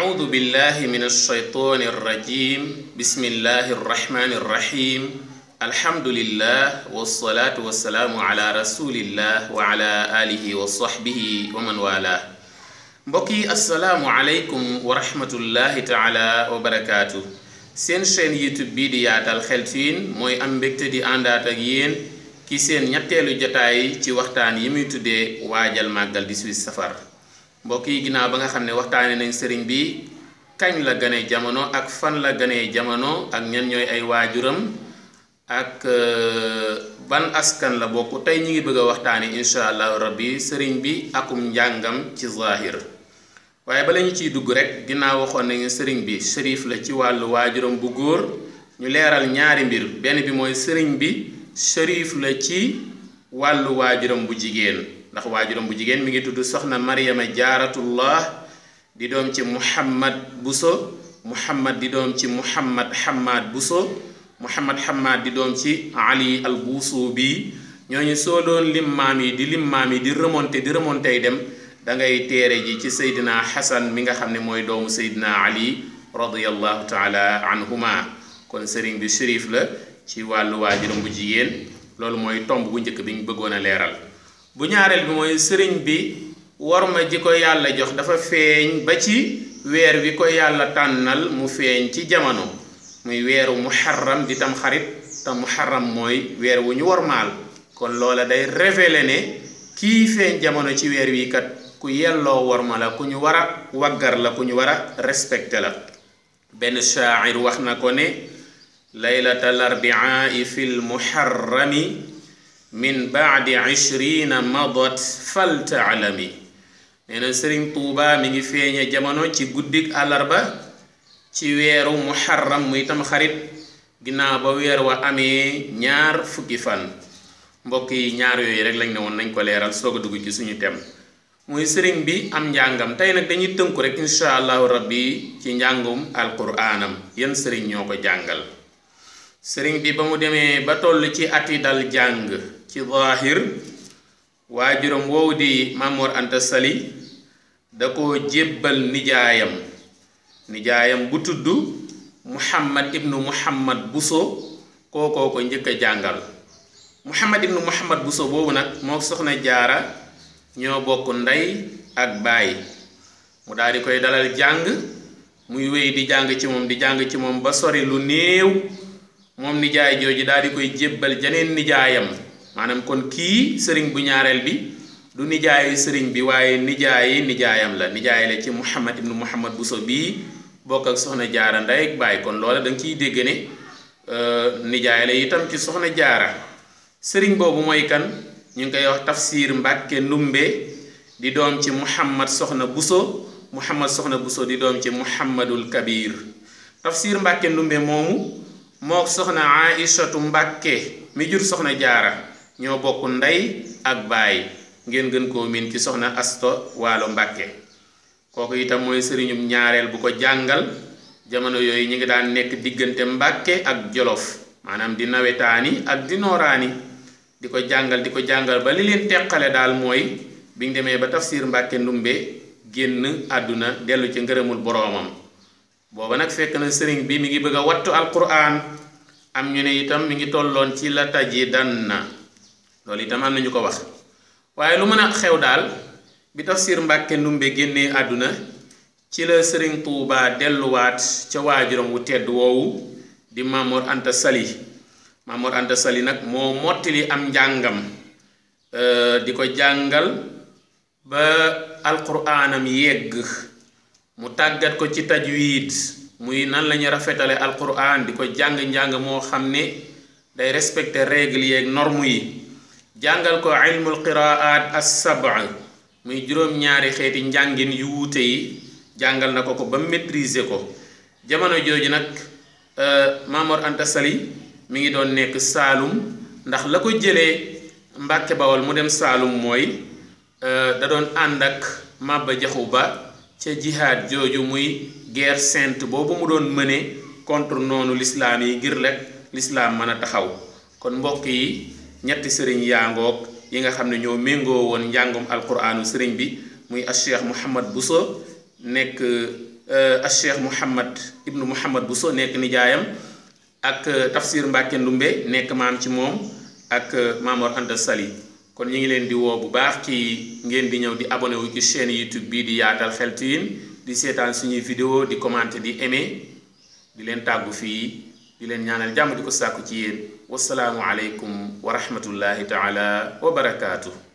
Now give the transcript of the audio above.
أعوذ بالله من الشيطان الرجيم بسم الله الرحمن الرحيم الحمد لله والصلاة والسلام على رسول الله وعلى آله وصحبه ومن والاه mbokki asalaamu aleykum wa rahmatullahi taala wa barakaatu seen chaîne YouTube bii di yaatal xeltiin mooy am mbégte di àndaat ak yéen ki seen ñetteelu jataay ci waxtaan yi muy tuddee waajal màggal 18 safar mbokk yi ginnaaw ba nga xam ne waxtaane nañ sëriñ bi kañ la gane jamono ak fan la gane jamono ak ñan ñooy ay waajuram ak euh, ban askan la bokk tey ñu ngi bëgg a waxtaane incha allah rabbi sëriñ bi akum njàngam ci zahir waaye bala ñu ciy dugg rek ginnaaw waxoon nañu sëriñ bi shérif la ci wàllu waajuram bu góor ñu leeral ñaari mbir benn bi mooy sëriñ bi shérif la ci wàllu waajuram bu jigéen ndax waajuram bu jigéen mi ngi tudd soxna Mariama Jaaratullah di doom ci Muhammad Buso Muhammad di doom ci Muhammad Hamad Buso Muhammad Hamad di doom ci Ali al Buusu bi ñooñu soo doon lim maam yi di limaam yi di te di tey dem da ngay téere ji ci Seydina Xasan mi nga xam ne mooy doomu Seydina Ali radiyallahu taala anhuma kon sëriñ bi shérif la ci wàllu waajuram bu jigéen loolu mooy tomb bu njëkk bi ñu bëggoon a leeral bu ñaareel bi mooy sëriñ bi worma ji ko yàlla jox dafa feeñ ba ci weer wi ko yàlla tànnal mu feeñ ci jamono muy weeru muharram di tam xarit te muharram mooy weer wu ñu wormaal kon loola day révélé ne kii feeñ jamono ci weer wi kat ku yelloo worma la ku ñu war a waggar la ku ñu war a respecté la benn shaacir wax na ko ne laylatal arbiaa fi l muharrami min baadi ishrina madat fal taalami nee sëriñ tuuba mi ngi feeñe jamono ci guddik àllarba ci weeru muharram muy tam ginnaaw ba weer wa amee ñaar fukki fan mbokk yi ñaar yooyu rek lañ ne woon nañ ko leeral soog a dugg ci suñu tem muy sëriñ bi am njàngam tey nag dañuy tënku rek incha allahu rabbi ci njàngum alquraanam yan sëriñ ñoo ko jàngal sëriñ bi ba mu demee ba toll ci ati dal jàng ci waa waajuram woowu di Mamor Anta Sali da ko jébbal nijaayam nijaayam bu tudd Muhammad ibnu Muhammad Buso kookoo ko njëkk jàngal Muhammad ibnu Muhammad Buso boobu nag moo soxna jaara ñoo bokk ndey ak baay mu daldi koy dalal jàng muy wéy di jàng ci moom di jàng ci moom ba sori lu néew moom nijaay jooju daal di koy jébbal janeen nijaayam maanaam kon kii sëriñ bu ñaareel bi du nijaayu sëriñ bi waaye nijaayi nijaayam la nijaay la ci Muhammad ibnu Muhammad Buso bii bokk ak soxna jaara ndey ak baay kon loola danga nga ciy dégg ne euh, nijaay la itam ci soxna jaara sëriñ boobu mooy kan ñu ngi koy wax tafsir Mbàkke Ndumbe di doom ci Muhammad soxna Buso Muhammad soxna Buso di doom ci Muhammadul Kabir tafsir Mbàkke Ndumbe moomu moo soxna Aïchatu Mbàkke mi jur soxna jaara ñoo bokk ndey ak baay ngeen gën koo miin ci soxna asto waalo Mbàkke kooku itam mooy sëriñum ñaareel bu ko jàngal jamono yooyu ñu ngi daan nekk diggante Mbàkke ak Jolof maanaam di nawetaani ak di nooraani di ko jàngal di ko jàngal ba li leen teqale daal mooy bi ñu demee ba tafsir Mbàkke Ndumbe génn àdduna dellu ci ngërëmul boroomam booba nag fekk na sëriñ bi mi ngi bëgg a wattu alquran am ñu ne itam mu ngi tolloon ci la tajidanna loolu itam am na ñu ko wax waaye lu mën a xew daal bi tafsir mbàkke ndumbe génnee àdduna ci la sëriñ tuubaa delluwaat ca waajuram wu tedd woowu di Mamor Anta Sali Mamor Anta Sali nag moo mottali am njàngam di ko jàngal ba alquraanam yegg mu tàggat ko ci tajwiid muy nan la ñu rafetale alquran di ko jàng-njàng moo xam ne day respecter règle yeeg norme yi jàngal ko ilmul qiraat as-sab'a muy juróom-ñaari xeeti njàngin yu wuute yi jàngal na ko ko ba maîtriser ko jamono jooju nag euh, Mamor Anta Sali mi ngi doon nekk Saalum ndax la ko jëlee Mbàkke Bawol mu dem Saalum mooy euh, da doon ànd ak Maba Jaxu Ba ca jihaad jooju muy guerre sainte boobu mu doon mëne contre noonu lislaam yi ngir lekk lislaam mën a taxaw kon mbokk yi ñetti sëriñ yaangoog yi nga xam ne ñoo méngoo woon njàngum alquraanu sëriñ bi muy al cheikh bu so nekk al cheikh Mouhamad euh, ibnu bu Bousso nekk nijaayam ak euh, tafsir Mbàkke Ndumbe nekk maam ci moom ak euh, Maam Mor Sali kon ñu ngi leen di woo bu baax ci ngeen bi ñëw di abonné wu ci chaîne YouTube bii di yaatal xeltu yin di seetaan suñuy vidéo di commenter di aimer di leen tàggu fii di leen ñaanal jàmm di ko sàkku ci yéen wasalaamu aleykum wa rahmatullahi taala